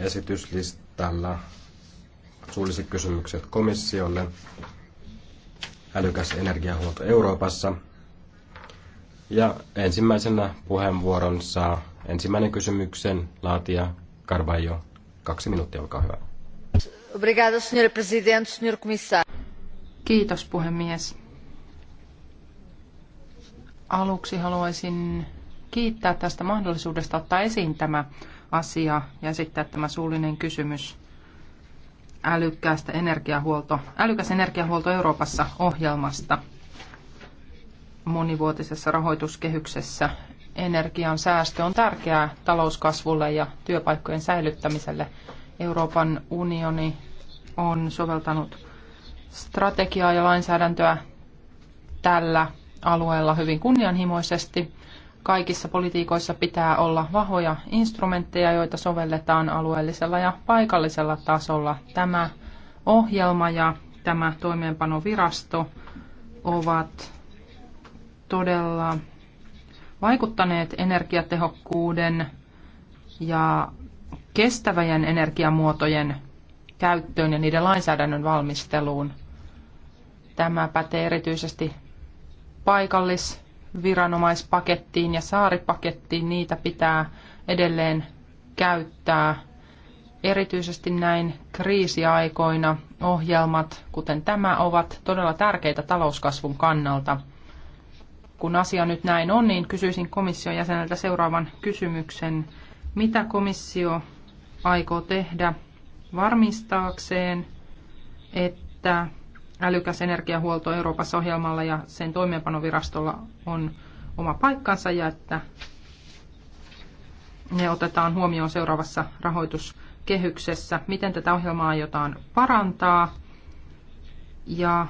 esityslistalla suulliset kysymykset komissiolle, älykäs energiahuolto Euroopassa. Ja ensimmäisenä puheenvuoron saa ensimmäinen kysymyksen laatija Carvalho. Kaksi minuuttia, olkaa hyvä. Obrigado, senhor presidente, senhor comissário. Kiitos puhemies. Aluksi haluaisin kiittää tästä mahdollisuudesta ottaa esiin tämä asia ja esittää tämä suullinen kysymys älykkäästä energiahuolto, älykäs energiahuolto Euroopassa ohjelmasta monivuotisessa rahoituskehyksessä. Energian säästö on tärkeää talouskasvulle ja työpaikkojen säilyttämiselle. Euroopan unioni on soveltanut strategiaa ja lainsäädäntöä tällä alueella hyvin kunnianhimoisesti kaikissa politiikoissa pitää olla vahvoja instrumentteja, joita sovelletaan alueellisella ja paikallisella tasolla. Tämä ohjelma ja tämä toimeenpanovirasto ovat todella vaikuttaneet energiatehokkuuden ja kestävien energiamuotojen käyttöön ja niiden lainsäädännön valmisteluun. Tämä pätee erityisesti paikallis- viranomaispakettiin ja saaripakettiin, niitä pitää edelleen käyttää. Erityisesti näin kriisiaikoina ohjelmat, kuten tämä, ovat todella tärkeitä talouskasvun kannalta. Kun asia nyt näin on, niin kysyisin komission jäseneltä seuraavan kysymyksen. Mitä komissio aikoo tehdä varmistaakseen, että älykäs energiahuolto Euroopassa ohjelmalla ja sen toimeenpanovirastolla on oma paikkansa ja että ne otetaan huomioon seuraavassa rahoituskehyksessä. Miten tätä ohjelmaa aiotaan parantaa ja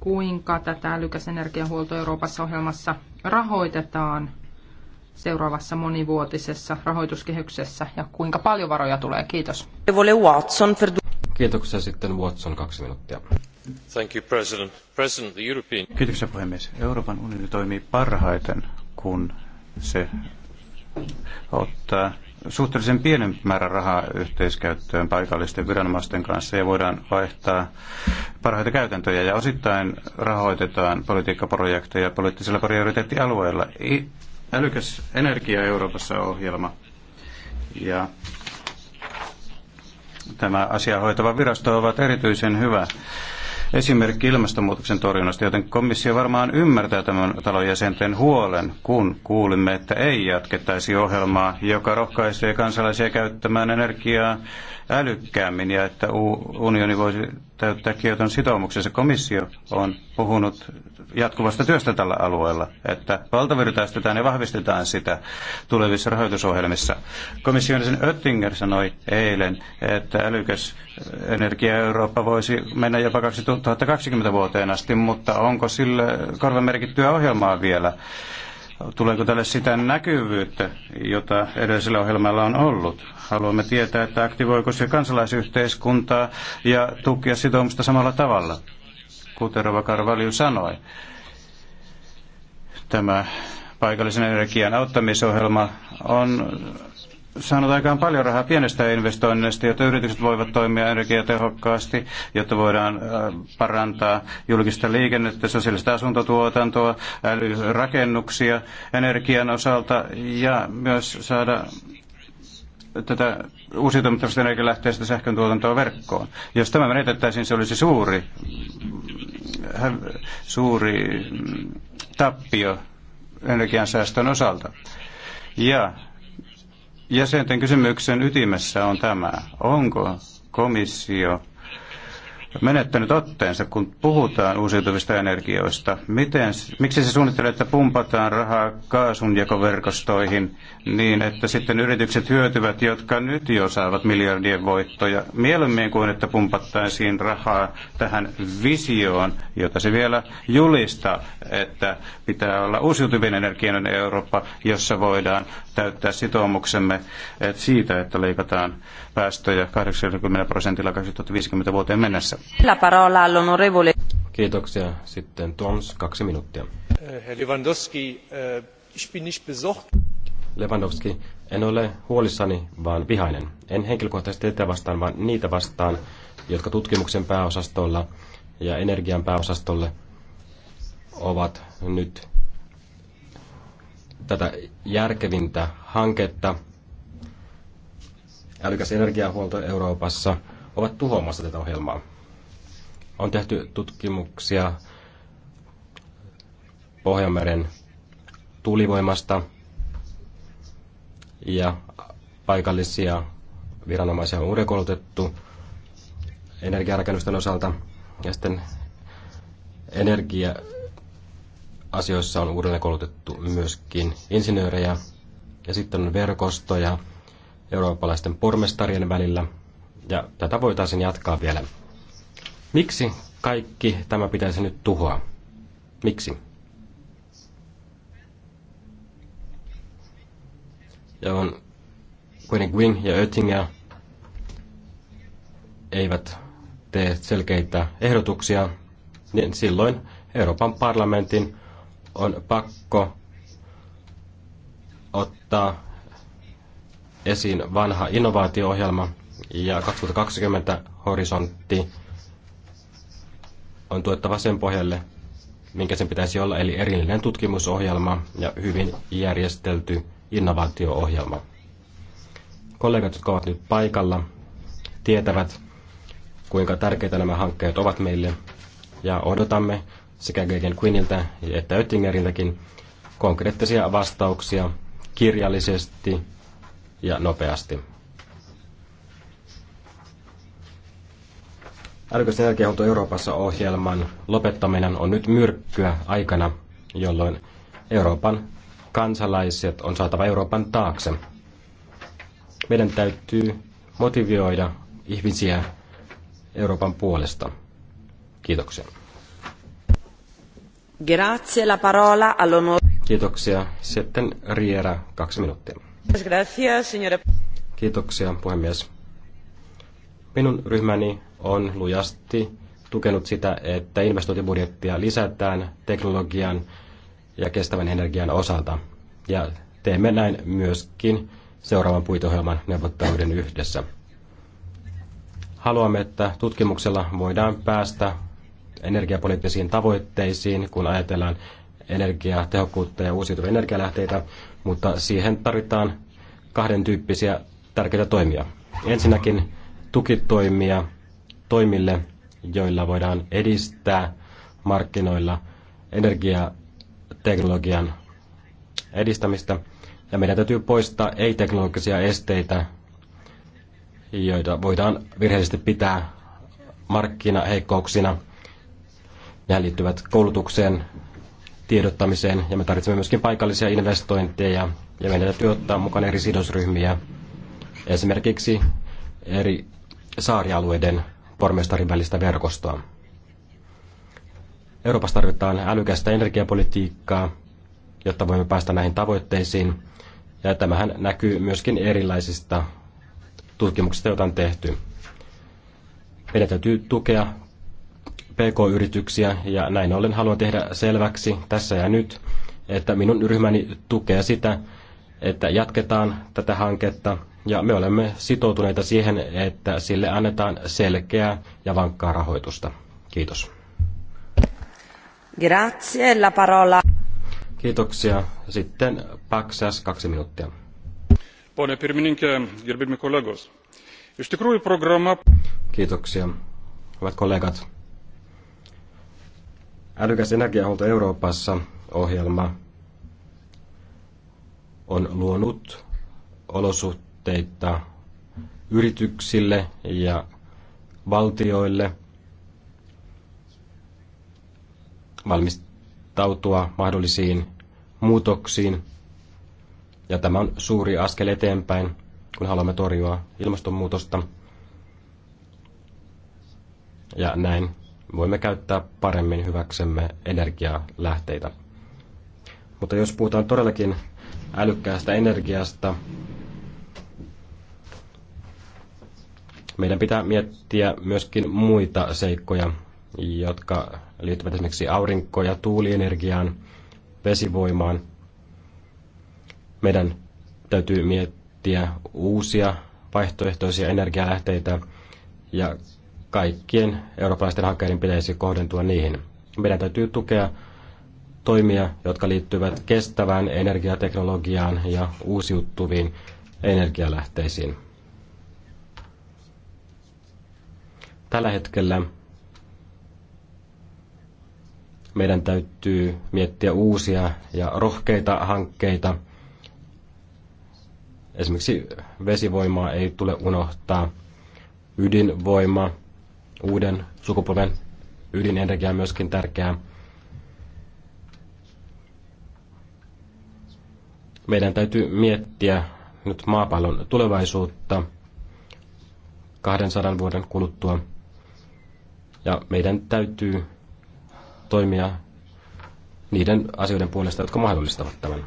kuinka tätä älykäs energiahuolto Euroopassa ohjelmassa rahoitetaan seuraavassa monivuotisessa rahoituskehyksessä ja kuinka paljon varoja tulee. Kiitos. Watson, Kiitoksia sitten Watson kaksi minuuttia. Thank you, President. President, the European... Kiitoksia puhemies. Euroopan unioni toimii parhaiten, kun se ottaa suhteellisen pienen määrän rahaa yhteiskäyttöön paikallisten viranomaisten kanssa ja voidaan vaihtaa parhaita käytäntöjä ja osittain rahoitetaan politiikkaprojekteja poliittisilla prioriteettialueilla. Älykäs energia Euroopassa ohjelma ja tämä asia hoitava virasto ovat erityisen hyvä esimerkki ilmastonmuutoksen torjunnasta, joten komissio varmaan ymmärtää tämän talon jäsenten huolen, kun kuulimme, että ei jatkettaisi ohjelmaa, joka rohkaisee kansalaisia käyttämään energiaa älykkäämmin ja että unioni voisi täyttää Kioton sitoumuksensa. Komissio on puhunut jatkuvasta työstä tällä alueella, että valtavirtaistetaan ja vahvistetaan sitä tulevissa rahoitusohjelmissa. Komission sen Oettinger sanoi eilen, että älykäs energia Eurooppa voisi mennä jopa 2020 vuoteen asti, mutta onko sille korvamerkittyä ohjelmaa vielä? Tuleeko tälle sitä näkyvyyttä, jota edellisellä ohjelmalla on ollut? Haluamme tietää, että aktivoiko se kansalaisyhteiskuntaa ja tukea sitoumusta samalla tavalla, kuten Rova Karvalju sanoi. Tämä paikallisen energian auttamisohjelma on saanut aikaan paljon rahaa pienestä investoinnista, jotta yritykset voivat toimia energiatehokkaasti, jotta voidaan äh, parantaa julkista liikennettä, sosiaalista asuntotuotantoa, älyrakennuksia energian osalta ja myös saada tätä uusiutumattomasta energialähteestä sähkön tuotantoa verkkoon. Jos tämä menetettäisiin, se olisi suuri, äh, suuri mm, tappio energiansäästön osalta. Ja jäsenten kysymyksen ytimessä on tämä. Onko komissio menettänyt otteensa, kun puhutaan uusiutuvista energioista. Miten, miksi se suunnittelee, että pumpataan rahaa kaasunjakoverkostoihin niin, että sitten yritykset hyötyvät, jotka nyt jo saavat miljardien voittoja, mieluummin kuin että pumpattaisiin rahaa tähän visioon, jota se vielä julistaa, että pitää olla uusiutuvien energioiden Eurooppa, jossa voidaan täyttää sitoumuksemme että siitä, että leikataan päästöjä 80 prosentilla 2050 vuoteen mennessä. La parola all'onorevole. Kiitoksia. Sitten Toms, kaksi minuuttia. Eh, Herr Lewandowski, eh, ich bin nicht besorgt. Lewandowski, en ole huolissani, vaan vihainen. En henkilökohtaisesti teitä vastaan, vaan niitä vastaan, jotka tutkimuksen pääosastolla ja energian pääosastolle ovat nyt tätä järkevintä hanketta, älykäs energiahuolto Euroopassa, ovat tuhoamassa tätä ohjelmaa. On tehty tutkimuksia Pohjanmeren tulivoimasta ja paikallisia viranomaisia on uudekoulutettu energiarakennusten osalta ja sitten energia-asioissa on uudelleenkoulutettu myöskin insinöörejä ja sitten on verkostoja eurooppalaisten pormestarien välillä ja tätä voitaisiin jatkaa vielä. Miksi kaikki tämä pitäisi nyt tuhoa? Miksi? Ja on kuitenkin Wing ja Oettinger eivät tee selkeitä ehdotuksia, niin silloin Euroopan parlamentin on pakko ottaa esiin vanha innovaatio-ohjelma ja 2020 horisontti on tuettava sen pohjalle, minkä sen pitäisi olla, eli erillinen tutkimusohjelma ja hyvin järjestelty innovaatio-ohjelma. Kollegat, jotka ovat nyt paikalla, tietävät, kuinka tärkeitä nämä hankkeet ovat meille, ja odotamme sekä Gagan Quinniltä että Oettingeriltäkin konkreettisia vastauksia kirjallisesti ja nopeasti. Älykäs energiahuolto Euroopassa ohjelman lopettaminen on nyt myrkkyä aikana, jolloin Euroopan kansalaiset on saatava Euroopan taakse. Meidän täytyy motivoida ihmisiä Euroopan puolesta. Kiitoksia. Grazie la parola all'onore. Kiitoksia. Sitten Riera, kaksi minuuttia. Gracias, señora. Kiitoksia, puhemies. Minun ryhmäni on lujasti tukenut sitä, että investointibudjettia lisätään teknologian ja kestävän energian osalta. Ja teemme näin myöskin seuraavan puitohjelman neuvotteluiden yhdessä. Haluamme, että tutkimuksella voidaan päästä energiapoliittisiin tavoitteisiin, kun ajatellaan energiatehokkuutta ja uusiutuvia energialähteitä, mutta siihen tarvitaan kahden tyyppisiä tärkeitä toimia. Ensinnäkin tukitoimia toimille, joilla voidaan edistää markkinoilla energiateknologian edistämistä. Ja meidän täytyy poistaa ei-teknologisia esteitä, joita voidaan virheellisesti pitää markkinaheikkouksina. Nämä liittyvät koulutukseen, tiedottamiseen ja me tarvitsemme myöskin paikallisia investointeja ja meidän täytyy ottaa mukaan eri sidosryhmiä, esimerkiksi eri saarialueiden pormestarin välistä verkostoa. Euroopassa tarvitaan älykästä energiapolitiikkaa, jotta voimme päästä näihin tavoitteisiin. Ja tämähän näkyy myöskin erilaisista tutkimuksista, joita on tehty. Meidän täytyy tukea PK-yrityksiä ja näin ollen haluan tehdä selväksi tässä ja nyt, että minun ryhmäni tukee sitä, että jatketaan tätä hanketta ja me olemme sitoutuneita siihen, että sille annetaan selkeää ja vankkaa rahoitusta. Kiitos. Grazie, la parola. Kiitoksia. Sitten Paksas kaksi minuuttia. Pone pirmininke, gerbimi kollegos. Iš tikrųjų Kiitoksia. Hyvät kollegat. Älykäs energiahuolto Euroopassa ohjelma on luonut olosuhteet velvoitteita yrityksille ja valtioille valmistautua mahdollisiin muutoksiin. Ja tämä on suuri askel eteenpäin, kun haluamme torjua ilmastonmuutosta. Ja näin voimme käyttää paremmin hyväksemme energialähteitä. Mutta jos puhutaan todellakin älykkäästä energiasta, Meidän pitää miettiä myöskin muita seikkoja, jotka liittyvät esimerkiksi aurinko- ja tuulienergiaan, vesivoimaan. Meidän täytyy miettiä uusia vaihtoehtoisia energialähteitä ja kaikkien eurooppalaisten hakkeiden pitäisi kohdentua niihin. Meidän täytyy tukea toimia, jotka liittyvät kestävään energiateknologiaan ja uusiuttuviin energialähteisiin. Tällä hetkellä meidän täytyy miettiä uusia ja rohkeita hankkeita. Esimerkiksi vesivoimaa ei tule unohtaa. Ydinvoima, uuden sukupolven ydinenergia on myöskin tärkeää. Meidän täytyy miettiä nyt maapallon tulevaisuutta 200 vuoden kuluttua. Ja meidän täytyy toimia niiden asioiden puolesta, jotka mahdollistavat tämän.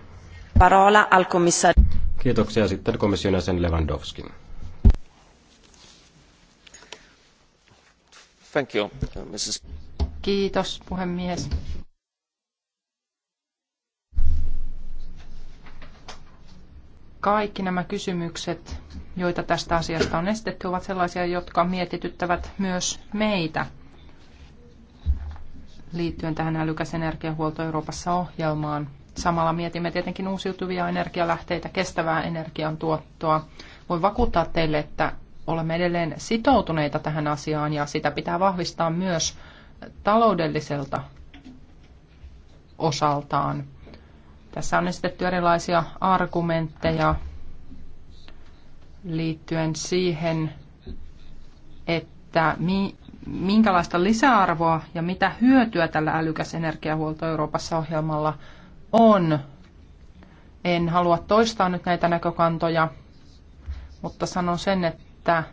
Parola al commissari. Kiitoksia sitten komission jäsen Lewandowski. Thank you, Mrs. Kiitos puhemies. Kaikki nämä kysymykset, joita tästä asiasta on esitetty, ovat sellaisia, jotka mietityttävät myös meitä – liittyen tähän älykäs energiahuolto Euroopassa ohjelmaan. Samalla mietimme tietenkin uusiutuvia energialähteitä, kestävää energiantuottoa. Voin vakuuttaa teille, että olemme edelleen sitoutuneita tähän asiaan ja sitä pitää vahvistaa myös taloudelliselta osaltaan. Tässä on esitetty erilaisia argumentteja liittyen siihen, että mi, minkälaista lisäarvoa ja mitä hyötyä tällä älykäs energiahuolto Euroopassa ohjelmalla on. En halua toistaa nyt näitä näkökantoja, mutta sanon sen, että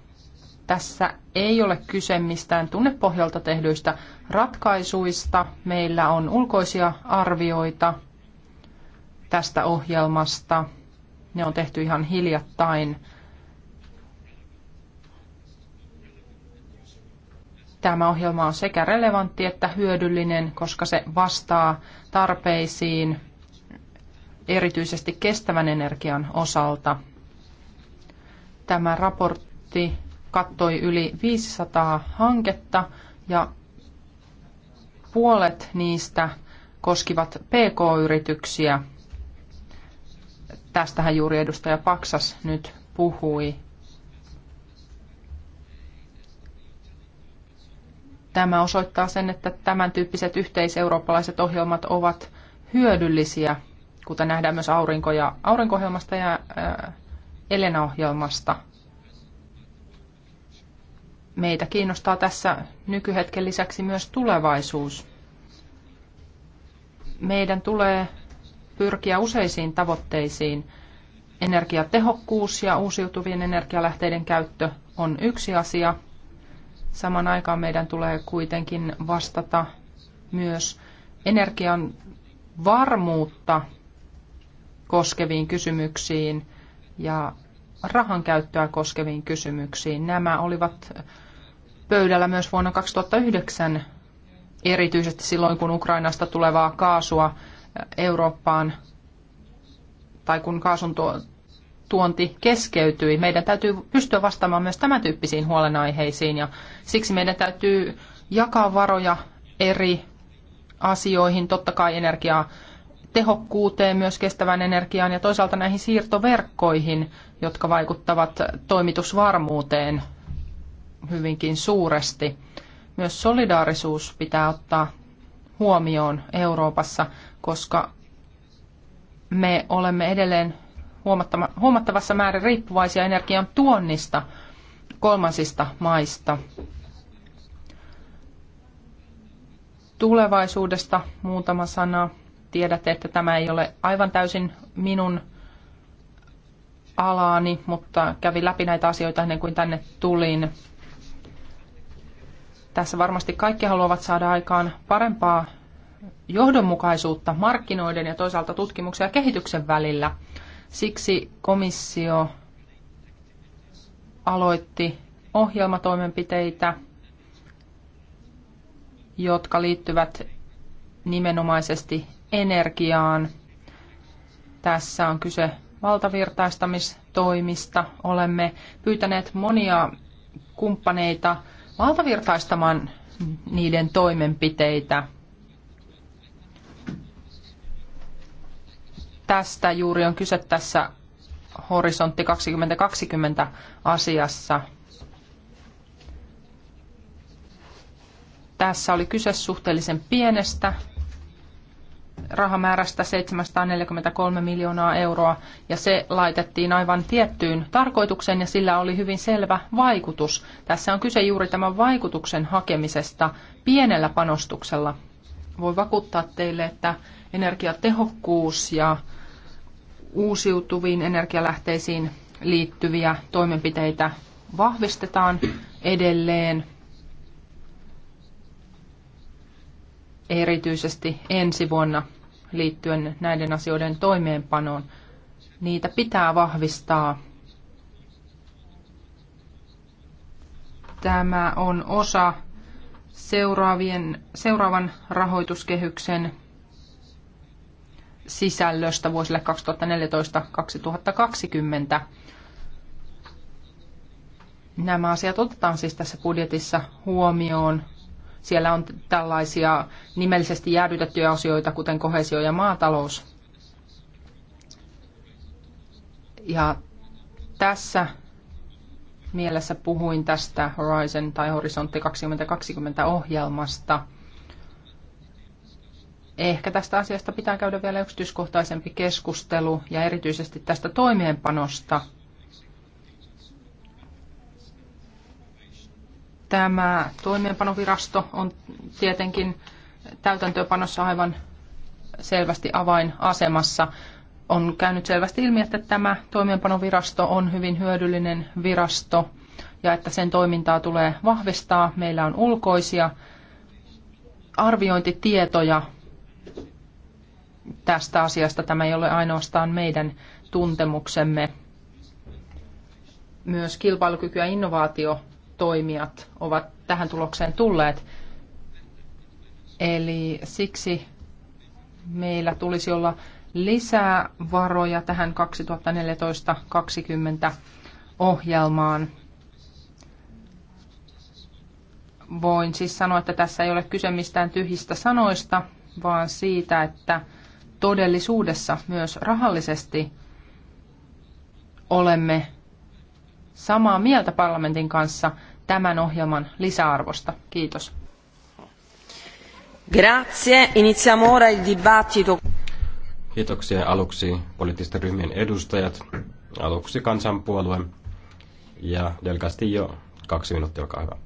tässä ei ole kyse mistään tunnepohjalta tehdyistä ratkaisuista. Meillä on ulkoisia arvioita tästä ohjelmasta. Ne on tehty ihan hiljattain. Tämä ohjelma on sekä relevantti että hyödyllinen, koska se vastaa tarpeisiin erityisesti kestävän energian osalta. Tämä raportti kattoi yli 500 hanketta ja puolet niistä koskivat PK-yrityksiä. Tästähän juuri edustaja Paksas nyt puhui. Tämä osoittaa sen, että tämän tyyppiset yhteiseurooppalaiset ohjelmat ovat hyödyllisiä, kuten nähdään myös aurinko- ja, aurinko-ohjelmasta ja Elena-ohjelmasta. Meitä kiinnostaa tässä nykyhetken lisäksi myös tulevaisuus. Meidän tulee pyrkiä useisiin tavoitteisiin. Energiatehokkuus ja uusiutuvien energialähteiden käyttö on yksi asia – Saman aikaan meidän tulee kuitenkin vastata myös energian varmuutta koskeviin kysymyksiin ja rahan käyttöä koskeviin kysymyksiin. Nämä olivat pöydällä myös vuonna 2009, erityisesti silloin kun Ukrainasta tulevaa kaasua Eurooppaan tai kun kaasun tuonti keskeytyi. Meidän täytyy pystyä vastaamaan myös tämän tyyppisiin huolenaiheisiin ja siksi meidän täytyy jakaa varoja eri asioihin, totta kai energiaa tehokkuuteen, myös kestävään energiaan ja toisaalta näihin siirtoverkkoihin, jotka vaikuttavat toimitusvarmuuteen hyvinkin suuresti. Myös solidaarisuus pitää ottaa huomioon Euroopassa, koska me olemme edelleen huomattavassa määrin riippuvaisia energian tuonnista kolmansista maista. Tulevaisuudesta muutama sana. Tiedätte, että tämä ei ole aivan täysin minun alaani, mutta kävin läpi näitä asioita ennen kuin tänne tulin. Tässä varmasti kaikki haluavat saada aikaan parempaa johdonmukaisuutta markkinoiden ja toisaalta tutkimuksen ja kehityksen välillä – Siksi komissio aloitti ohjelmatoimenpiteitä, jotka liittyvät nimenomaisesti energiaan. Tässä on kyse valtavirtaistamistoimista. Olemme pyytäneet monia kumppaneita valtavirtaistamaan niiden toimenpiteitä. tästä juuri on kyse tässä Horisontti 2020 asiassa. Tässä oli kyse suhteellisen pienestä rahamäärästä 743 miljoonaa euroa ja se laitettiin aivan tiettyyn tarkoitukseen ja sillä oli hyvin selvä vaikutus. Tässä on kyse juuri tämän vaikutuksen hakemisesta pienellä panostuksella Voin vakuuttaa teille, että energiatehokkuus ja uusiutuviin energialähteisiin liittyviä toimenpiteitä vahvistetaan edelleen erityisesti ensi vuonna liittyen näiden asioiden toimeenpanoon. Niitä pitää vahvistaa. Tämä on osa seuraavien, seuraavan rahoituskehyksen sisällöstä vuosille 2014-2020. Nämä asiat otetaan siis tässä budjetissa huomioon. Siellä on tällaisia nimellisesti jäädytettyjä osioita, kuten kohesio ja maatalous. Ja tässä mielessä puhuin tästä Horizon tai Horisontti 2020 ohjelmasta. Ehkä tästä asiasta pitää käydä vielä yksityiskohtaisempi keskustelu ja erityisesti tästä toimeenpanosta. Tämä toimeenpanovirasto on tietenkin täytäntöönpanossa aivan selvästi avainasemassa on käynyt selvästi ilmi, että tämä toimeenpanovirasto on hyvin hyödyllinen virasto ja että sen toimintaa tulee vahvistaa. Meillä on ulkoisia arviointitietoja tästä asiasta. Tämä ei ole ainoastaan meidän tuntemuksemme. Myös kilpailukyky- ja innovaatiotoimijat ovat tähän tulokseen tulleet. Eli siksi meillä tulisi olla lisää varoja tähän 2014-2020 ohjelmaan. Voin siis sanoa, että tässä ei ole kyse mistään tyhjistä sanoista, vaan siitä, että todellisuudessa myös rahallisesti olemme samaa mieltä parlamentin kanssa tämän ohjelman lisäarvosta. Kiitos. Grazie. Iniziamo ora il dibattito. Kiitoksia aluksi poliittisten ryhmien edustajat, aluksi kansanpuolue ja Del jo kaksi minuuttia, olkaa hyvä.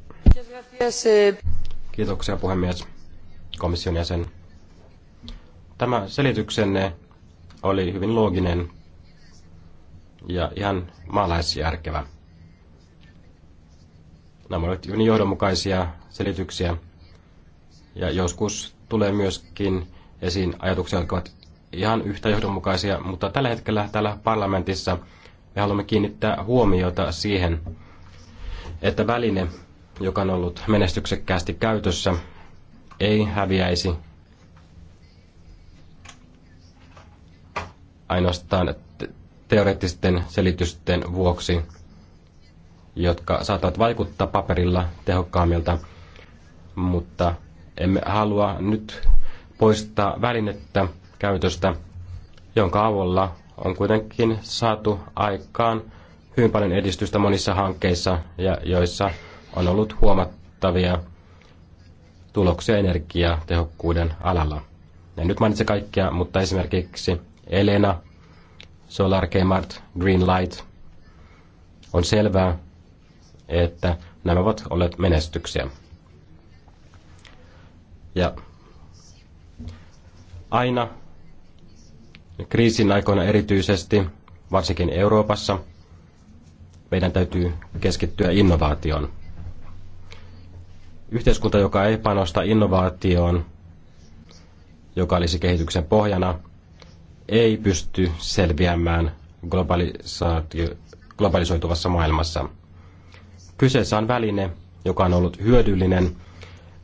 Kiitoksia puhemies, komission jäsen. Tämä selityksenne oli hyvin looginen ja ihan maalaisjärkevä. Nämä olivat hyvin johdonmukaisia selityksiä ja joskus tulee myöskin esiin ajatuksia, jotka ovat ihan yhtä johdonmukaisia, mutta tällä hetkellä täällä parlamentissa me haluamme kiinnittää huomiota siihen, että väline, joka on ollut menestyksekkäästi käytössä, ei häviäisi ainoastaan teoreettisten selitysten vuoksi, jotka saattavat vaikuttaa paperilla tehokkaammilta, mutta emme halua nyt poistaa välinettä, käytöstä, jonka avulla on kuitenkin saatu aikaan hyvin paljon edistystä monissa hankkeissa, ja joissa on ollut huomattavia tuloksia energiatehokkuuden alalla. En nyt mainitse kaikkia, mutta esimerkiksi Elena, Solar Kmart, Green Light. On selvää, että nämä ovat olleet menestyksiä. Ja aina Kriisin aikoina erityisesti, varsinkin Euroopassa, meidän täytyy keskittyä innovaatioon. Yhteiskunta, joka ei panosta innovaatioon, joka olisi kehityksen pohjana, ei pysty selviämään globalisoituvassa maailmassa. Kyseessä on väline, joka on ollut hyödyllinen,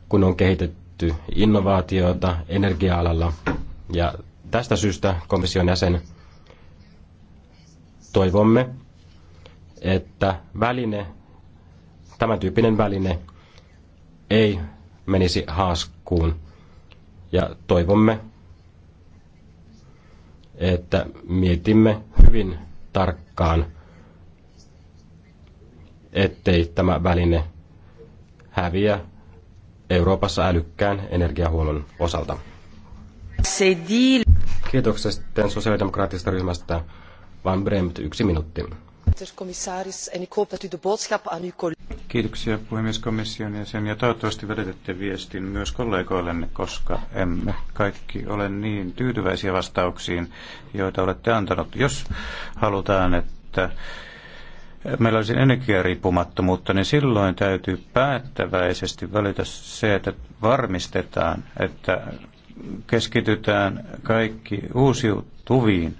kun on kehitetty innovaatioita energia-alalla ja Tästä syystä komission jäsen toivomme, että väline, tämän tyyppinen väline ei menisi haaskuun. Ja toivomme, että mietimme hyvin tarkkaan, ettei tämä väline häviä Euroopassa älykkään energiahuollon osalta. Kiitoksia sitten sosiaalidemokraattisesta ryhmästä. Van Bremt, yksi minuutti. Kiitoksia puhemieskomission jäsen ja toivottavasti välitätte viestin myös kollegoillenne, koska emme kaikki ole niin tyytyväisiä vastauksiin, joita olette antanut. Jos halutaan, että meillä olisi energiariippumattomuutta, niin silloin täytyy päättäväisesti välitä se, että varmistetaan, että keskitytään kaikki uusiutuviin,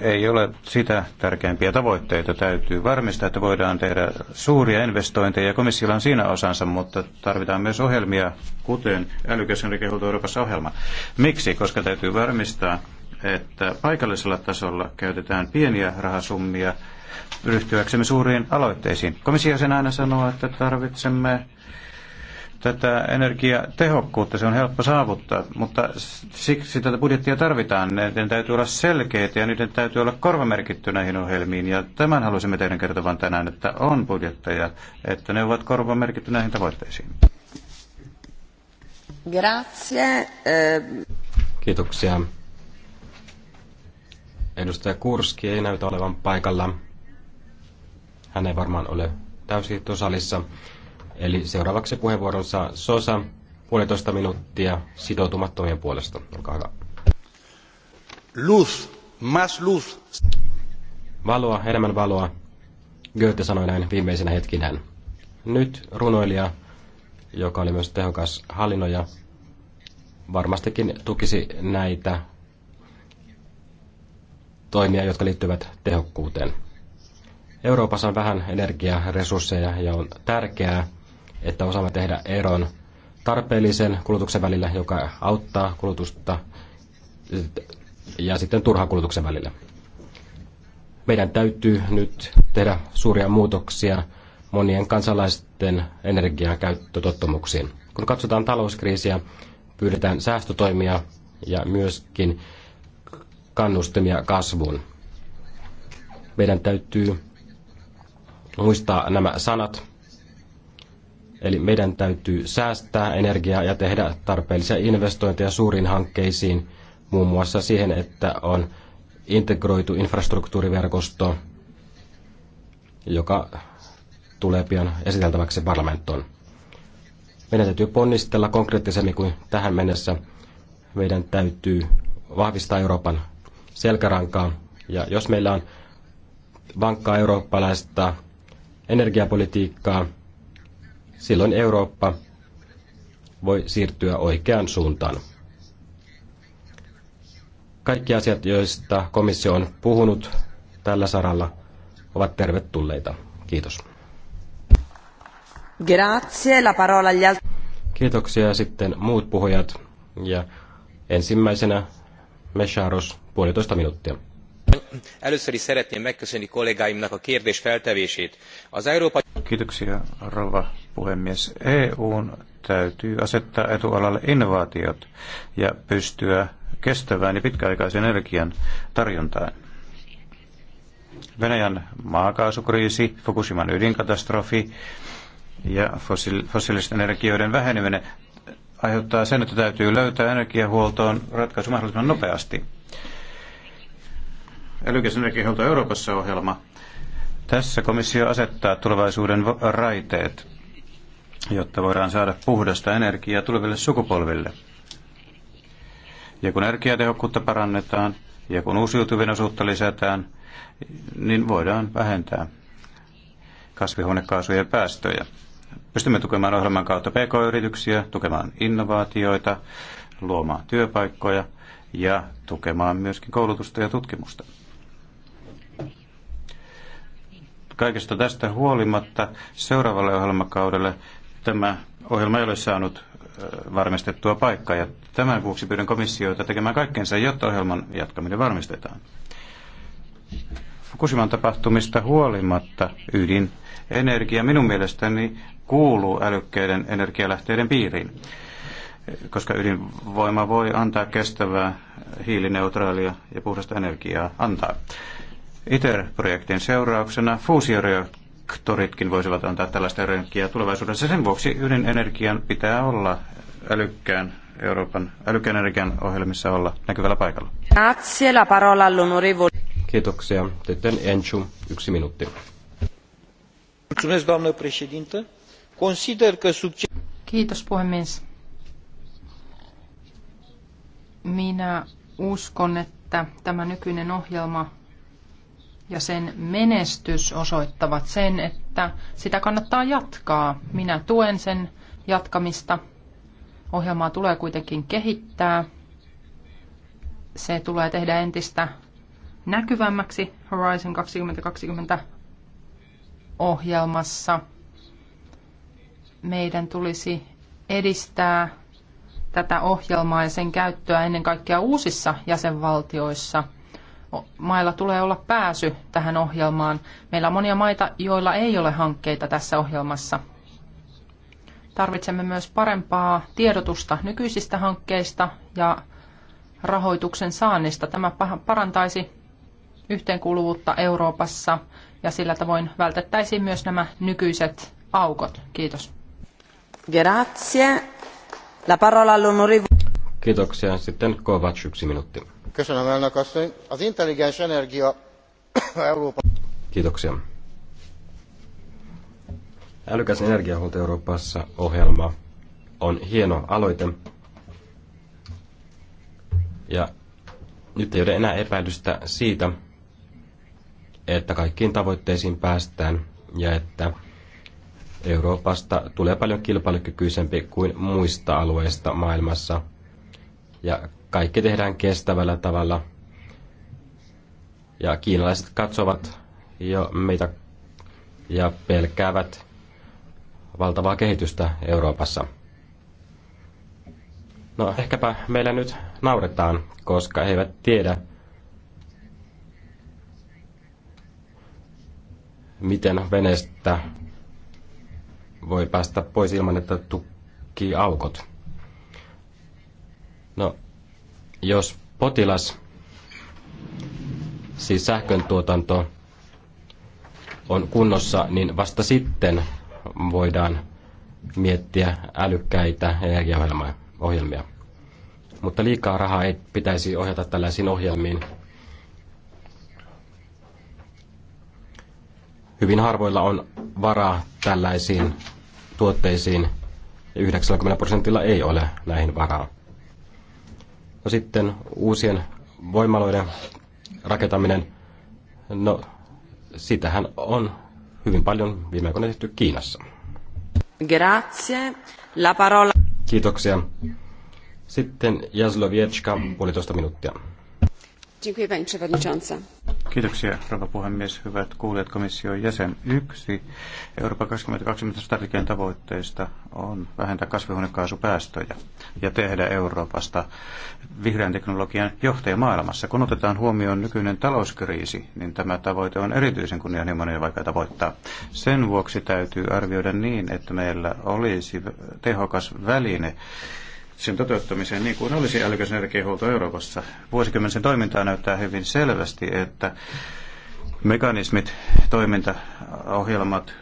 ei ole sitä tärkeimpiä tavoitteita. Täytyy varmistaa, että voidaan tehdä suuria investointeja ja komissiolla on siinä osansa, mutta tarvitaan myös ohjelmia, kuten älykäs energiahuolto Euroopassa ohjelma. Miksi? Koska täytyy varmistaa, että paikallisella tasolla käytetään pieniä rahasummia ryhtyäksemme suuriin aloitteisiin. Komissio sen aina sanoo, että tarvitsemme tätä energiatehokkuutta. Se on helppo saavuttaa, mutta siksi tätä budjettia tarvitaan. Niiden täytyy olla selkeitä ja niiden täytyy olla korvamerkitty näihin ohjelmiin. Ja tämän halusimme teidän kertovan tänään, että on budjetteja, että ne ovat korvamerkitty näihin tavoitteisiin. Grazie. Eh. Kiitoksia. Edustaja Kurski ei näytä olevan paikalla. Hän ei varmaan ole täysistuntosalissa. Eli seuraavaksi puheenvuoron saa Sosa, puolitoista minuuttia sitoutumattomien puolesta. Olkaa hyvä. Luz, más luz. Valoa, enemmän valoa. Goethe sanoi näin viimeisenä hetkinään. Nyt runoilija, joka oli myös tehokas hallinnoja, varmastikin tukisi näitä toimia, jotka liittyvät tehokkuuteen. Euroopassa on vähän energiaresursseja ja on tärkeää, että osaamme tehdä eron tarpeellisen kulutuksen välillä, joka auttaa kulutusta, ja sitten kulutuksen välillä. Meidän täytyy nyt tehdä suuria muutoksia monien kansalaisten energiakäyttötottumuksiin. Kun katsotaan talouskriisiä, pyydetään säästötoimia ja myöskin kannustimia kasvuun. Meidän täytyy muistaa nämä sanat Eli meidän täytyy säästää energiaa ja tehdä tarpeellisia investointeja suuriin hankkeisiin, muun muassa siihen, että on integroitu infrastruktuuriverkosto, joka tulee pian esiteltäväksi parlamenttoon. Meidän täytyy ponnistella konkreettisemmin kuin tähän mennessä. Meidän täytyy vahvistaa Euroopan selkärankaa. Ja jos meillä on vankkaa eurooppalaista energiapolitiikkaa, silloin Eurooppa voi siirtyä oikeaan suuntaan. Kaikki asiat, joista komissio on puhunut tällä saralla, ovat tervetulleita. Kiitos. Grazie, la parola agli alt- Kiitoksia sitten muut puhujat. Ja ensimmäisenä Mesharos, puolitoista minuuttia először is szeretném megköszönni kollégáimnak a kérdés feltevését. az európai puhemies. EUn täytyy asettaa etualalle innovaatiot ja pystyä kestävään ja pitkäaikaisen energian tarjontaan. Venäjän maakaasukriisi, Fukushiman ydinkatastrofi ja fossiilisten energioiden väheneminen aiheuttaa sen, että täytyy löytää energiahuoltoon ratkaisu mahdollisimman nopeasti. Älykäs energiahuolto Euroopassa ohjelma. Tässä komissio asettaa tulevaisuuden raiteet jotta voidaan saada puhdasta energiaa tuleville sukupolville. Ja kun energiatehokkuutta parannetaan ja kun uusiutuvien osuutta lisätään, niin voidaan vähentää kasvihuonekaasujen päästöjä. Pystymme tukemaan ohjelman kautta pk-yrityksiä, tukemaan innovaatioita, luomaan työpaikkoja ja tukemaan myöskin koulutusta ja tutkimusta. Kaikesta tästä huolimatta seuraavalle ohjelmakaudelle tämä ohjelma ei ole saanut varmistettua paikkaa ja tämän vuoksi pyydän komissioita tekemään kaikkensa, jotta ohjelman jatkaminen varmistetaan. Fukushiman tapahtumista huolimatta ydinenergia minun mielestäni kuuluu älykkäiden energialähteiden piiriin, koska ydinvoima voi antaa kestävää, hiilineutraalia ja puhdasta energiaa antaa. ITER-projektin seurauksena fuusioreaktio sektoritkin voisivat antaa tällaista energiaa tulevaisuudessa. Sen vuoksi ydinenergian pitää olla älykkään Euroopan älykkään energian ohjelmissa olla näkyvällä paikalla. Grazie, la parola all'onorevole. Kiitoksia. Teten Enchu, yksi minuutti. Kiitos, puhemies. Minä uskon, että tämä nykyinen ohjelma ja sen menestys osoittavat sen, että sitä kannattaa jatkaa. Minä tuen sen jatkamista. Ohjelmaa tulee kuitenkin kehittää. Se tulee tehdä entistä näkyvämmäksi Horizon 2020 ohjelmassa. Meidän tulisi edistää tätä ohjelmaa ja sen käyttöä ennen kaikkea uusissa jäsenvaltioissa – mailla tulee olla pääsy tähän ohjelmaan. Meillä on monia maita, joilla ei ole hankkeita tässä ohjelmassa. Tarvitsemme myös parempaa tiedotusta nykyisistä hankkeista ja rahoituksen saannista. Tämä parantaisi yhteenkuuluvuutta Euroopassa ja sillä tavoin vältettäisiin myös nämä nykyiset aukot. Kiitos. Grazie. La parola all'onorevole. Kiitoksia. Sitten Kovac yksi minuutti az intelligens energia európa. Älykäs energiahuolto Euroopassa ohjelma on hieno aloite. Ja nyt ei ole enää epäilystä siitä, että kaikkiin tavoitteisiin päästään ja että Euroopasta tulee paljon kilpailukykyisempi kuin muista alueista maailmassa. Ja kaikki tehdään kestävällä tavalla. Ja kiinalaiset katsovat jo meitä ja pelkäävät valtavaa kehitystä Euroopassa. No ehkäpä meillä nyt nauretaan, koska he eivät tiedä, miten veneestä voi päästä pois ilman, että tukkii aukot. No, jos potilas, siis sähkön tuotanto, on kunnossa, niin vasta sitten voidaan miettiä älykkäitä energiaohjelmia. Mutta liikaa rahaa ei pitäisi ohjata tällaisiin ohjelmiin. Hyvin harvoilla on varaa tällaisiin tuotteisiin 90 prosentilla ei ole näihin varaa. No sitten uusien voimaloiden rakentaminen, no sitähän on hyvin paljon viime aikoina tehty Kiinassa. Grazie. La parola. Kiitoksia. Sitten Vietska, puolitoista minuuttia. Dziękuję panie przewodniczący. Kiitoksia, rouva puhemies. Hyvät kuulijat, komission jäsen yksi. Euroopan 2020 strategian tavoitteista on vähentää kasvihuonekaasupäästöjä ja tehdä Euroopasta vihreän teknologian johtaja maailmassa. Kun otetaan huomioon nykyinen talouskriisi, niin tämä tavoite on erityisen kunnianhimoinen ja vaikea tavoittaa. Sen vuoksi täytyy arvioida niin, että meillä olisi tehokas väline sen toteuttamiseen niin kuin olisi älykäs energiahuolto Euroopassa. Vuosikymmenisen toimintaa näyttää hyvin selvästi, että mekanismit, toimintaohjelmat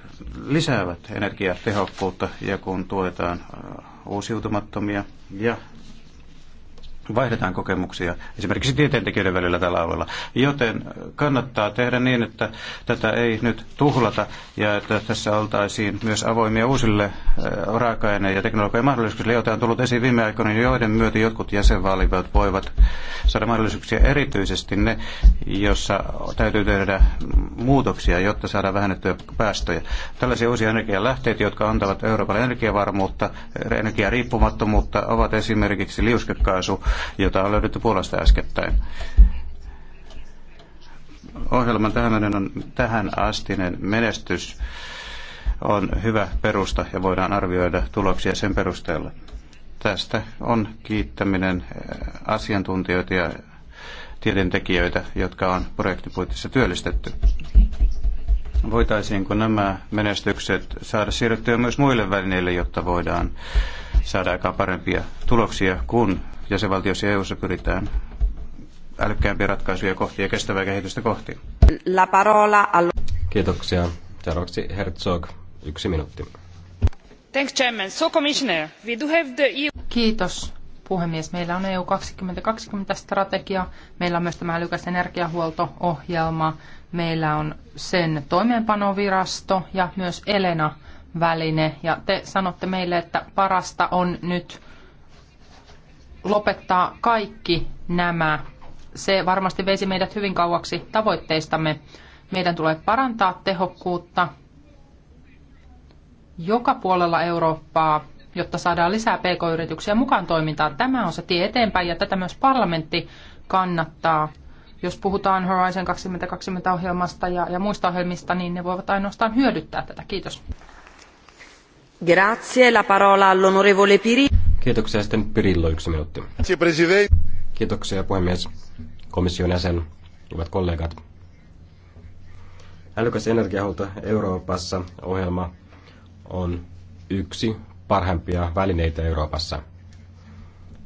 lisäävät energiatehokkuutta ja kun tuetaan uusiutumattomia ja vaihdetaan kokemuksia esimerkiksi tieteentekijöiden välillä tällä alueella. Joten kannattaa tehdä niin, että tätä ei nyt tuhlata ja että tässä oltaisiin myös avoimia uusille äh, raaka ja teknologian mahdollisuuksille, joita on tullut esiin viime aikoina, joiden myötä jotkut jäsenvaltiot voivat saada mahdollisuuksia erityisesti ne, jossa täytyy tehdä muutoksia, jotta saadaan vähennettyä päästöjä. Tällaisia uusia energialähteitä, jotka antavat Euroopalle energiavarmuutta, energiariippumattomuutta, ovat esimerkiksi liuskekaasu, jota on löydetty Puolasta äskettäin. Ohjelman tähän, on, tähän astinen menestys on hyvä perusta ja voidaan arvioida tuloksia sen perusteella. Tästä on kiittäminen eh, asiantuntijoita ja tieteentekijöitä, jotka on projektipuitteissa työllistetty voitaisiinko nämä menestykset saada siirrettyä myös muille välineille, jotta voidaan saada aikaan parempia tuloksia, kun jäsenvaltioissa ja EU-ssa pyritään älykkäämpiä ratkaisuja kohti ja kestävää kehitystä kohti. La parola al... Kiitoksia. Seuraavaksi Herzog, yksi minuutti. Thanks, Chairman. So, Commissioner, we do have the EU... Kiitos, puhemies. Meillä on EU 2020 strategia, meillä on myös tämä älykäs energiahuolto-ohjelma Meillä on sen toimeenpanovirasto ja myös Elena-väline. Ja te sanotte meille, että parasta on nyt lopettaa kaikki nämä. Se varmasti veisi meidät hyvin kauaksi tavoitteistamme. Meidän tulee parantaa tehokkuutta joka puolella Eurooppaa, jotta saadaan lisää pk-yrityksiä mukaan toimintaan. Tämä on se tie eteenpäin ja tätä myös parlamentti kannattaa. Jos puhutaan Horizon 2020-ohjelmasta ja, ja muista ohjelmista, niin ne voivat ainoastaan hyödyttää tätä. Kiitos. Grazie, la parola all'onorevole Pirillo. Kiitoksia sitten Pirillo, yksi minuutti. Kiitoksia puhemies, komission jäsen, hyvät kollegat. Älykäs energiahuolto Euroopassa ohjelma on yksi parhaimpia välineitä Euroopassa.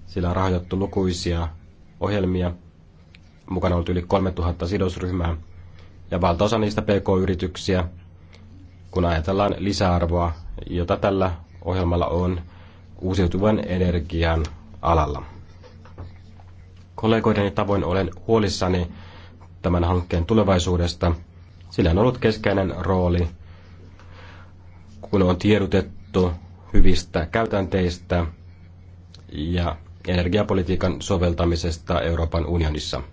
Sillä on rahoitettu lukuisia ohjelmia, mukana ollut yli 3000 sidosryhmää ja valtaosa niistä PK-yrityksiä, kun ajatellaan lisäarvoa, jota tällä ohjelmalla on uusiutuvan energian alalla. Kollegoideni tavoin olen huolissani tämän hankkeen tulevaisuudesta. Sillä on ollut keskeinen rooli, kun on tiedotettu hyvistä käytänteistä ja energiapolitiikan soveltamisesta Euroopan unionissa –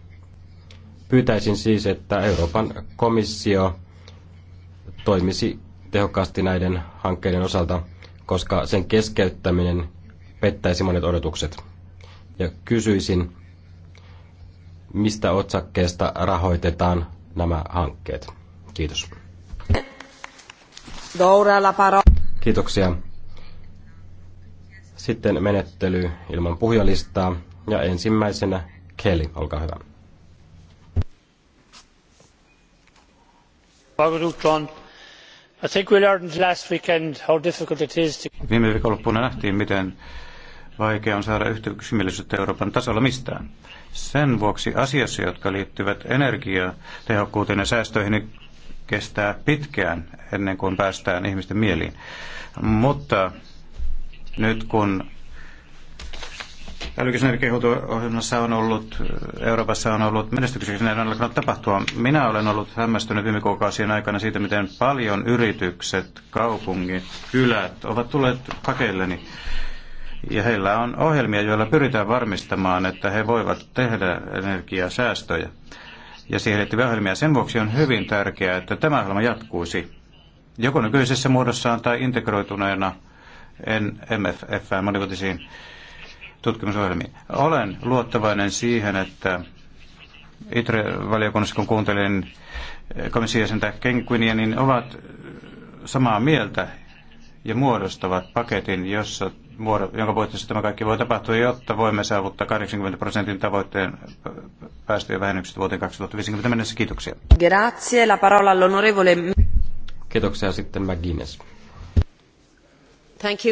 Pyytäisin siis, että Euroopan komissio toimisi tehokkaasti näiden hankkeiden osalta, koska sen keskeyttäminen pettäisi monet odotukset. Ja kysyisin, mistä otsakkeesta rahoitetaan nämä hankkeet. Kiitos. Kiitoksia. Sitten menettely ilman puhujalistaa ja ensimmäisenä Kelly, olkaa hyvä. viime viikonloppuna nähtiin miten vaikea on saada yksimielisyyttä euroopan tasolla mistään. sen vuoksi asiassa jotka liittyvät energiatehokkuuteen ja säästöihin niin kestää pitkään ennen kuin päästään ihmisten mieliin. mutta nyt kun älykäs energiahuoltoohjelmassa on ollut, Euroopassa on ollut menestyksessä, näin on alkanut tapahtua. Minä olen ollut hämmästynyt viime kuukausien aikana siitä, miten paljon yritykset, kaupungit, kylät ovat tulleet pakeilleni. Ja heillä on ohjelmia, joilla pyritään varmistamaan, että he voivat tehdä energiasäästöjä. Ja siihen liittyviä ohjelmia. Sen vuoksi on hyvin tärkeää, että tämä ohjelma jatkuisi joko nykyisessä muodossaan tai integroituneena MFF monivuotisiin tutkimusohjelmiin. Olen luottavainen siihen, että ITRE-valiokunnassa, kun kuuntelin eh, komission jäsentä Kenguinia, niin ovat samaa mieltä ja muodostavat paketin, jossa, jonka puitteissa tämä kaikki voi tapahtua, jotta voimme saavuttaa 80 prosentin tavoitteen päästöjen vähennykset vuoteen 2050 mennessä. Kiitoksia. Grazie, la parola all'onorevole. Kiitoksia sitten McGuinness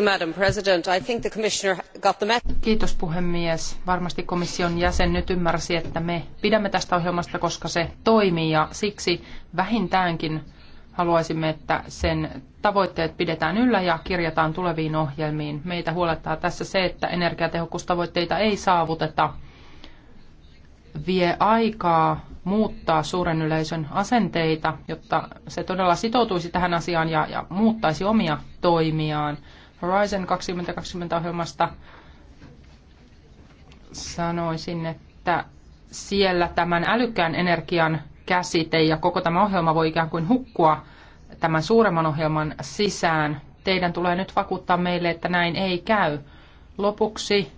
madam president i think the commissioner got the message. Kiitos puhemies. Varmasti komission jäsen nyt ymmärsi, että me pidämme tästä ohjelmasta, koska se toimii ja siksi vähintäänkin haluaisimme, että sen tavoitteet pidetään yllä ja kirjataan tuleviin ohjelmiin. Meitä huolettaa tässä se, että energiatehokkuustavoitteita ei saavuteta. Vie aikaa muuttaa suuren yleisön asenteita, jotta se todella sitoutuisi tähän asiaan ja, ja muuttaisi omia toimiaan. Horizon 2020-ohjelmasta sanoisin, että siellä tämän älykkään energian käsite ja koko tämä ohjelma voi ikään kuin hukkua tämän suuremman ohjelman sisään. Teidän tulee nyt vakuuttaa meille, että näin ei käy. Lopuksi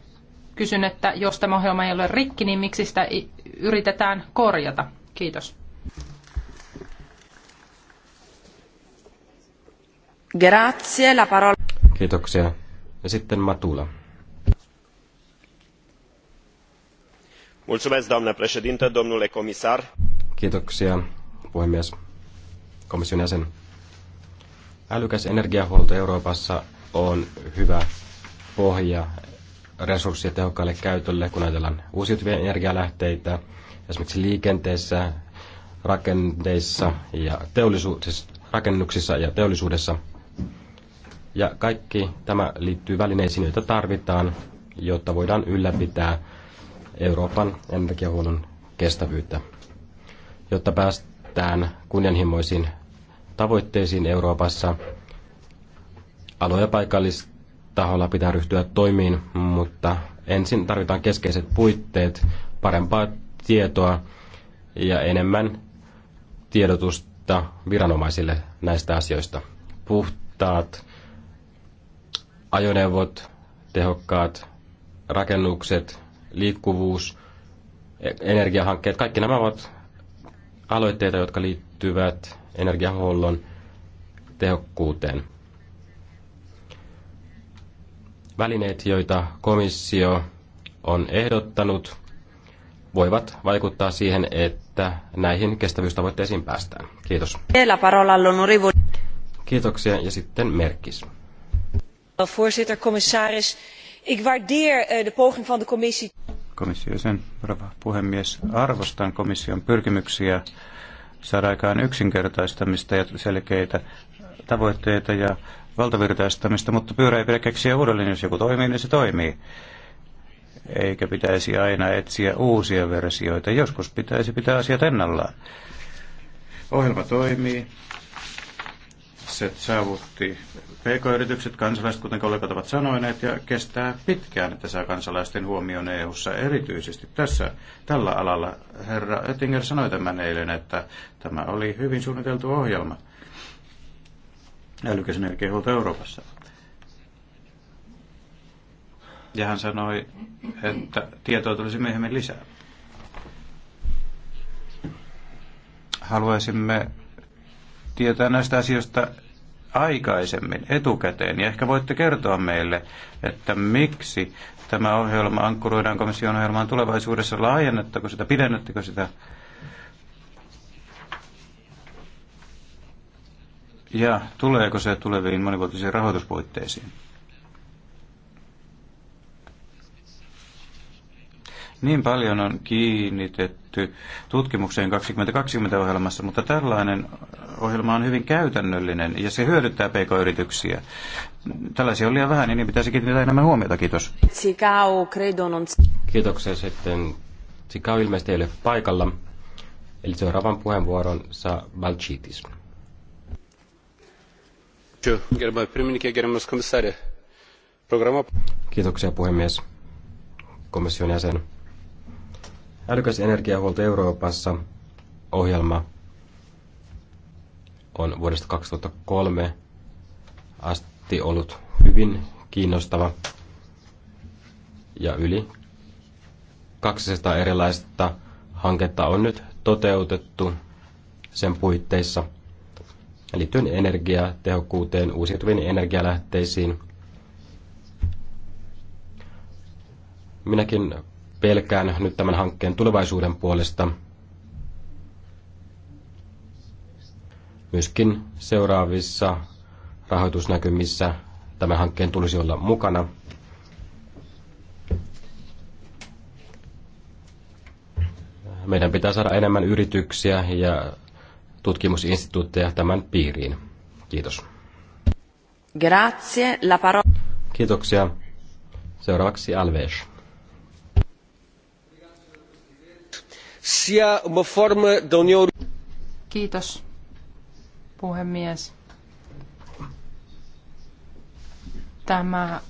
kysyn, että jos tämä ohjelma ei ole rikki, niin miksi sitä yritetään korjata. Kiitos. Grazie, la parola. Kiitoksia. Ja sitten Matula. Mulțumesc, doamnă președintă, domnule comisar. Kiitoksia, puhemies, komission jäsen. Älykäs energiahuolto Euroopassa on hyvä pohja resursseja tehokkaalle käytölle, kun ajatellaan uusiutuvia energialähteitä, esimerkiksi liikenteessä, rakenteissa ja teollisuudessa, siis rakennuksissa ja teollisuudessa. Ja kaikki tämä liittyy välineisiin, joita tarvitaan, jotta voidaan ylläpitää Euroopan energiahuollon kestävyyttä. Jotta päästään kunnianhimoisiin tavoitteisiin Euroopassa, alue- ja paikallista taholla pitää ryhtyä toimiin, mutta ensin tarvitaan keskeiset puitteet, parempaa tietoa ja enemmän tiedotusta viranomaisille näistä asioista. Puhtaat ajoneuvot, tehokkaat rakennukset, liikkuvuus, e- energiahankkeet, kaikki nämä ovat aloitteita, jotka liittyvät energiahuollon tehokkuuteen välineet, joita komissio on ehdottanut, voivat vaikuttaa siihen, että näihin kestävyystavoitteisiin päästään. Kiitos. Kiitoksia ja sitten Merkis. Voorzitter, commissaris, ik waardeer eh, de poging van de commissie. Komissio sen, puhemies, arvostan komission pyrkimyksiä saada aikaan yksinkertaistamista ja selkeitä tavoitteita ja valtavirtaistamista, mutta pyörä ei pidä keksiä uudelleen. Jos joku toimii, niin se toimii. Eikä pitäisi aina etsiä uusia versioita. Joskus pitäisi pitää asiat ennallaan. Ohjelma toimii. Se saavutti PK-yritykset, kansalaiset, kuten kollegat ovat sanoineet, ja kestää pitkään, että saa kansalaisten huomioon EU-ssa erityisesti tässä, tällä alalla. Herra Oettinger sanoi tämän eilen, että tämä oli hyvin suunniteltu ohjelma älykäs energiahuolto Euroopassa. Ja hän sanoi, että tietoa tulisi myöhemmin lisää. Haluaisimme tietää näistä asioista aikaisemmin, etukäteen. Ja ehkä voitte kertoa meille, että miksi tämä ohjelma ankkuroidaan komission ohjelmaan tulevaisuudessa, laajennettako sitä, pidennettekö sitä ja tuleeko se tuleviin monivuotisiin rahoituspuitteisiin? Niin paljon on kiinnitetty tutkimukseen 2020-ohjelmassa, mutta tällainen ohjelma on hyvin käytännöllinen ja se hyödyttää pk-yrityksiä. Tällaisia on liian vähän, niin pitäisi kiinnittää enemmän huomiota. Kiitos. Kiitoksia sitten. Sikau ilmeisesti ei ole paikalla. Eli seuraavan puheenvuoron saa Valchitis. Kiitoksia puhemies, komission jäsen. Älykäs energiahuolto Euroopassa ohjelma on vuodesta 2003 asti ollut hyvin kiinnostava ja yli 200 erilaista hanketta on nyt toteutettu sen puitteissa – liittyen energiatehokkuuteen, uusiutuviin energialähteisiin. Minäkin pelkään nyt tämän hankkeen tulevaisuuden puolesta. Myöskin seuraavissa rahoitusnäkymissä tämän hankkeen tulisi olla mukana. Meidän pitää saada enemmän yrityksiä ja tutkimusinstituutteja tämän piiriin. Kiitos. Grazie, la paro- Kiitoksia. Seuraavaksi Alves. Kiitos, puhemies. Tämä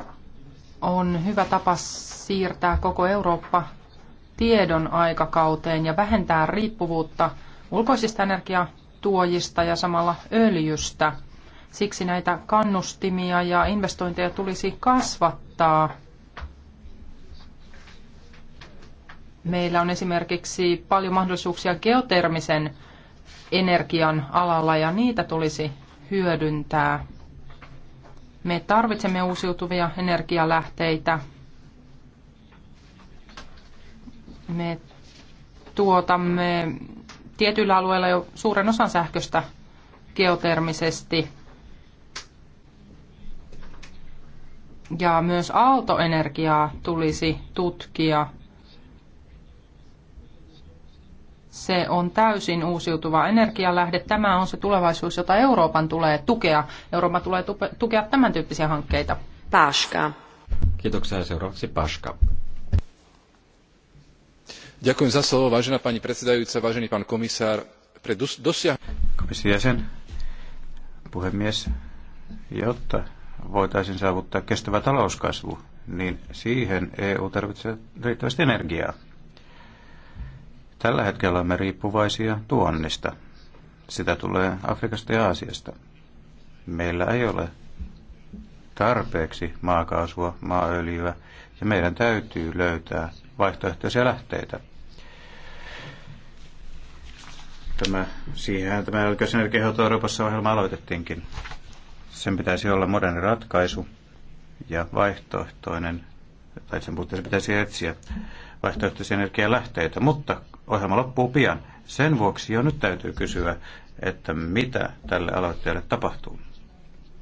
on hyvä tapa siirtää koko Eurooppa tiedon aikakauteen ja vähentää riippuvuutta ulkoisista energiaa tuojista ja samalla öljystä. Siksi näitä kannustimia ja investointeja tulisi kasvattaa. Meillä on esimerkiksi paljon mahdollisuuksia geotermisen energian alalla ja niitä tulisi hyödyntää. Me tarvitsemme uusiutuvia energialähteitä. Me tuotamme tietyillä alueilla jo suuren osan sähköstä geotermisesti. Ja myös aaltoenergiaa tulisi tutkia. Se on täysin uusiutuva energialähde. Tämä on se tulevaisuus, jota Euroopan tulee tukea. Euroopan tulee tukea tämän tyyppisiä hankkeita. Paska. Kiitoksia. Seuraavaksi Paska pre dosiahnutie puhemies jotta voitaisiin saavuttaa kestävä talouskasvu niin siihen EU tarvitsee riittävästi energiaa. Tällä hetkellä olemme riippuvaisia tuonnista. Sitä tulee Afrikasta ja Aasiasta. Meillä ei ole tarpeeksi maakaasua, maaöljyä ja meidän täytyy löytää vaihtoehtoisia lähteitä. Tämä, siihen tämä oikeusenergiahuolto Euroopassa ohjelma aloitettiinkin. Sen pitäisi olla moderni ratkaisu ja vaihtoehtoinen, tai sen se pitäisi etsiä vaihtoehtoisia energialähteitä, mutta ohjelma loppuu pian. Sen vuoksi jo nyt täytyy kysyä, että mitä tälle aloitteelle tapahtuu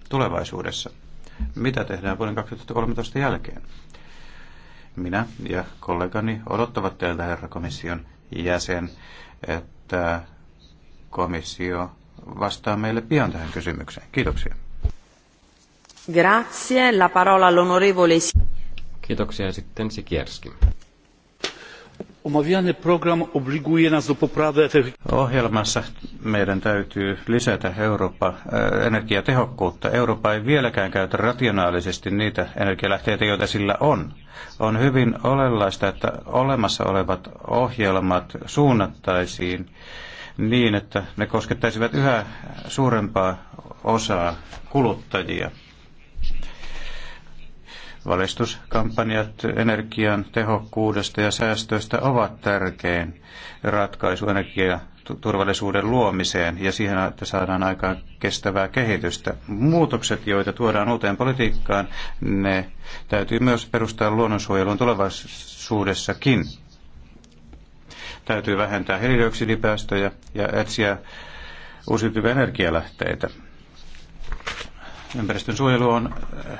tulevaisuudessa. Mitä tehdään vuoden 2013 jälkeen? Minä ja kollegani odottavat teiltä, herra komission jäsen, että komissio vastaa meille pian tähän kysymykseen. Kiitoksia. Grazie. La parola all'onorevole. Kiitoksia sitten Sikierski. Omaviany program obliguje nas do poprawy Ohjelmassa meidän täytyy lisätä Eurooppa, eh, energiatehokkuutta. Eurooppa ei vieläkään käytä rationaalisesti niitä energialähteitä, joita sillä on. On hyvin olennaista, että olemassa olevat ohjelmat suunnattaisiin niin, että ne koskettaisivat yhä suurempaa osaa kuluttajia. Valistuskampanjat energian tehokkuudesta ja säästöistä ovat tärkein ratkaisu energiaturvallisuuden luomiseen ja siihen, että saadaan aikaan kestävää kehitystä. Muutokset, joita tuodaan uuteen politiikkaan, ne täytyy myös perustaa luonnonsuojelun tulevaisuudessakin. Täytyy vähentää hiilidioksidipäästöjä ja etsiä uusiutuvia energialähteitä. Ympäristön suojelu on äh,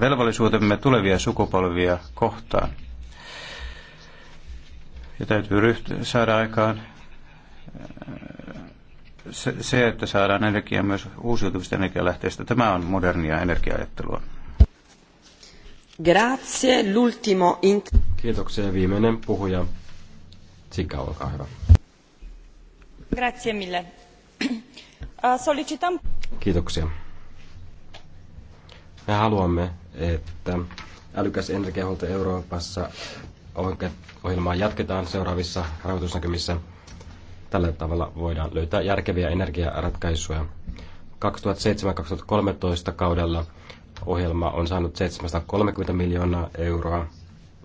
velvollisuutemme tulevia sukupolvia kohtaan. Ja täytyy ryhtyä, saada aikaan äh, se, että saadaan energiaa myös uusiutuvista energialähteistä. Tämä on modernia energiaajattelua. Grazie, l'ultimo. Kiitoksia, viimeinen puhuja olkaa hyvä. Grazie mille. Solicitam... Kiitoksia. Me haluamme, että älykäs energiahuolto Euroopassa ohjelmaa jatketaan seuraavissa rahoitusnäkymissä. Tällä tavalla voidaan löytää järkeviä energiaratkaisuja. 2007-2013 kaudella ohjelma on saanut 730 miljoonaa euroa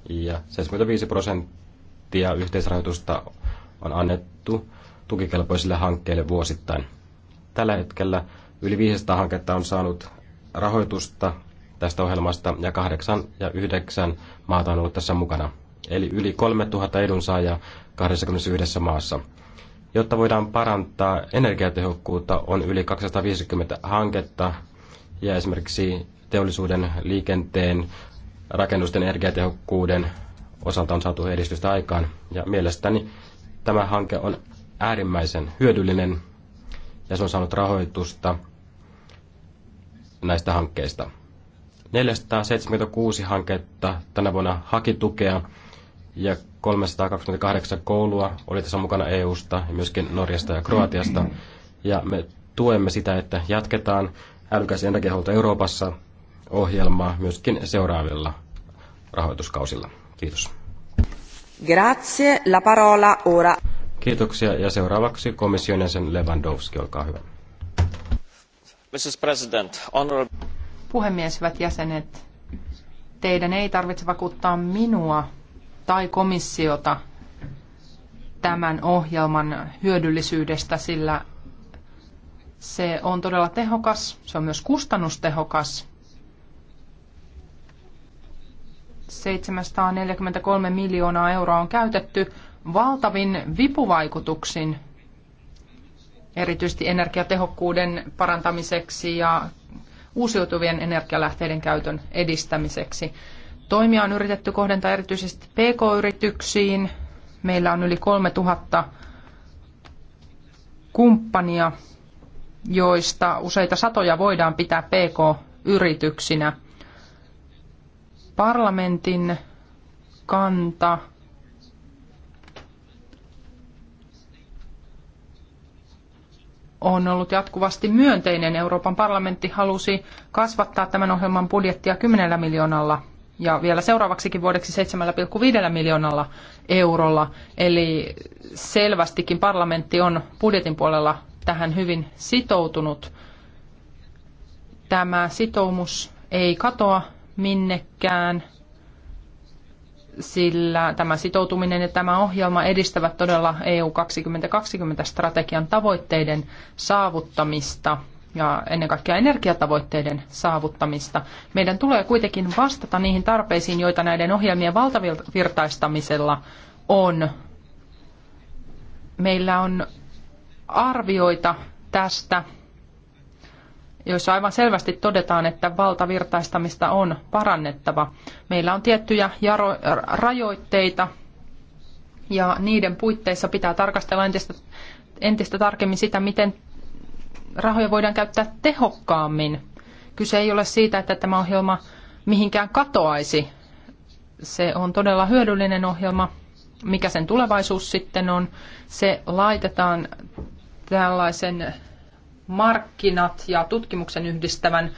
ja 75 prosenttia prosenttia yhteisrahoitusta on annettu tukikelpoisille hankkeille vuosittain. Tällä hetkellä yli 500 hanketta on saanut rahoitusta tästä ohjelmasta ja kahdeksan ja yhdeksän maata on ollut tässä mukana. Eli yli 3000 edunsaajaa 21 maassa. Jotta voidaan parantaa energiatehokkuutta, on yli 250 hanketta ja esimerkiksi teollisuuden, liikenteen, rakennusten energiatehokkuuden osalta on saatu edistystä aikaan. Ja mielestäni tämä hanke on äärimmäisen hyödyllinen ja se on saanut rahoitusta näistä hankkeista. 476 hanketta tänä vuonna haki tukea ja 328 koulua oli tässä mukana EU-sta ja myöskin Norjasta ja Kroatiasta. Ja me tuemme sitä, että jatketaan älykäs energiahuolto Euroopassa ohjelmaa myöskin seuraavilla rahoituskausilla. Kiitos. Grazie, la parola ora. Kiitoksia ja seuraavaksi komission jäsen Lewandowski, olkaa hyvä. Mrs. President, honorable... Puhemies, hyvät jäsenet, teidän ei tarvitse vakuuttaa minua tai komissiota tämän ohjelman hyödyllisyydestä, sillä se on todella tehokas, se on myös kustannustehokas 743 miljoonaa euroa on käytetty valtavin vipuvaikutuksin erityisesti energiatehokkuuden parantamiseksi ja uusiutuvien energialähteiden käytön edistämiseksi. Toimia on yritetty kohdentaa erityisesti PK-yrityksiin. Meillä on yli 3000 kumppania, joista useita satoja voidaan pitää PK-yrityksinä – parlamentin kanta on ollut jatkuvasti myönteinen. Euroopan parlamentti halusi kasvattaa tämän ohjelman budjettia 10 miljoonalla ja vielä seuraavaksikin vuodeksi 7,5 miljoonalla eurolla. Eli selvästikin parlamentti on budjetin puolella tähän hyvin sitoutunut. Tämä sitoumus ei katoa minnekään, sillä tämä sitoutuminen ja tämä ohjelma edistävät todella EU 2020-strategian tavoitteiden saavuttamista ja ennen kaikkea energiatavoitteiden saavuttamista. Meidän tulee kuitenkin vastata niihin tarpeisiin, joita näiden ohjelmien valtavirtaistamisella on. Meillä on arvioita tästä joissa aivan selvästi todetaan, että valtavirtaistamista on parannettava. Meillä on tiettyjä jaro, rajoitteita ja niiden puitteissa pitää tarkastella entistä, entistä tarkemmin sitä, miten rahoja voidaan käyttää tehokkaammin. Kyse ei ole siitä, että tämä ohjelma mihinkään katoaisi. Se on todella hyödyllinen ohjelma. Mikä sen tulevaisuus sitten on, se laitetaan tällaisen markkinat ja tutkimuksen yhdistävän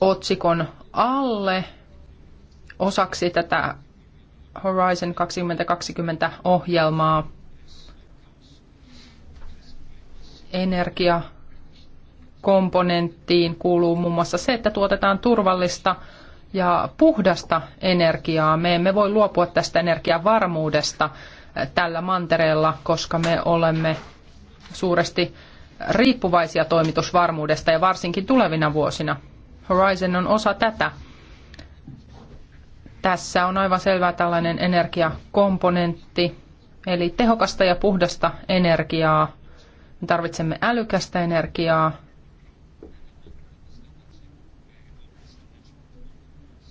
otsikon alle osaksi tätä Horizon 2020 ohjelmaa energiakomponenttiin kuuluu muun muassa se, että tuotetaan turvallista ja puhdasta energiaa. Me emme voi luopua tästä energiavarmuudesta eh, tällä mantereella, koska me olemme suuresti riippuvaisia toimitusvarmuudesta ja varsinkin tulevina vuosina. Horizon on osa tätä. Tässä on aivan selvää tällainen energiakomponentti, eli tehokasta ja puhdasta energiaa. Me tarvitsemme älykästä energiaa,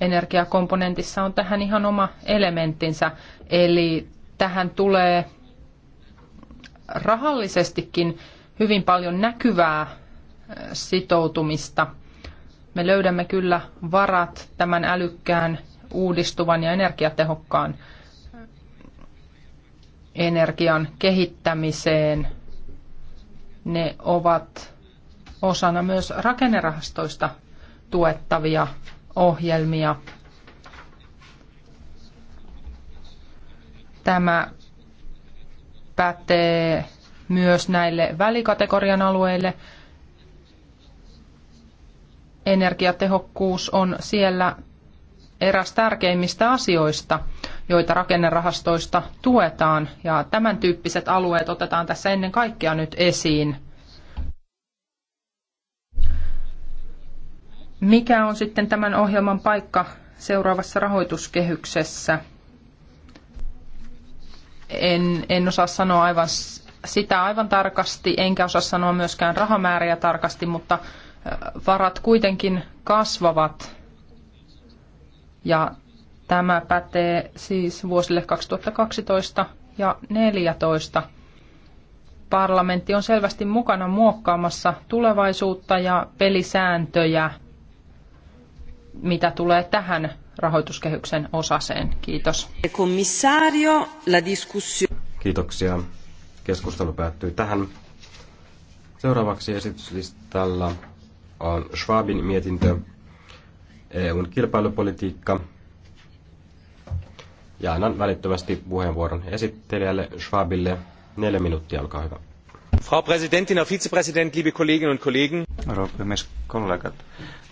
energiakomponentissa on tähän ihan oma elementtinsä. Eli tähän tulee rahallisestikin hyvin paljon näkyvää äh, sitoutumista. Me löydämme kyllä varat tämän älykkään, uudistuvan ja energiatehokkaan äh, energian kehittämiseen. Ne ovat osana myös rakennerahastoista tuettavia ohjelmia. Tämä pätee myös näille välikategorian alueille. Energiatehokkuus on siellä eräs tärkeimmistä asioista, joita rakennerahastoista tuetaan, ja tämän tyyppiset alueet otetaan tässä ennen kaikkea nyt esiin. Mikä on sitten tämän ohjelman paikka seuraavassa rahoituskehyksessä? En, en osaa sanoa aivan sitä aivan tarkasti, enkä osaa sanoa myöskään rahamääriä tarkasti, mutta varat kuitenkin kasvavat. Ja tämä pätee siis vuosille 2012 ja 2014. Parlamentti on selvästi mukana muokkaamassa tulevaisuutta ja pelisääntöjä, mitä tulee tähän rahoituskehyksen osaseen. Kiitos. la Kiitoksia. Keskustelu päättyy tähän. Seuraavaksi esityslistalla on Schwabin mietintö EUn kilpailupolitiikka. Ja annan välittömästi puheenvuoron esittelijälle Schwabille. Neljä minuuttia, olkaa hyvä. Frau Präsidentin, Herr Vizepräsident, liebe Kolleginnen und Kollegen. Rouva kollegat.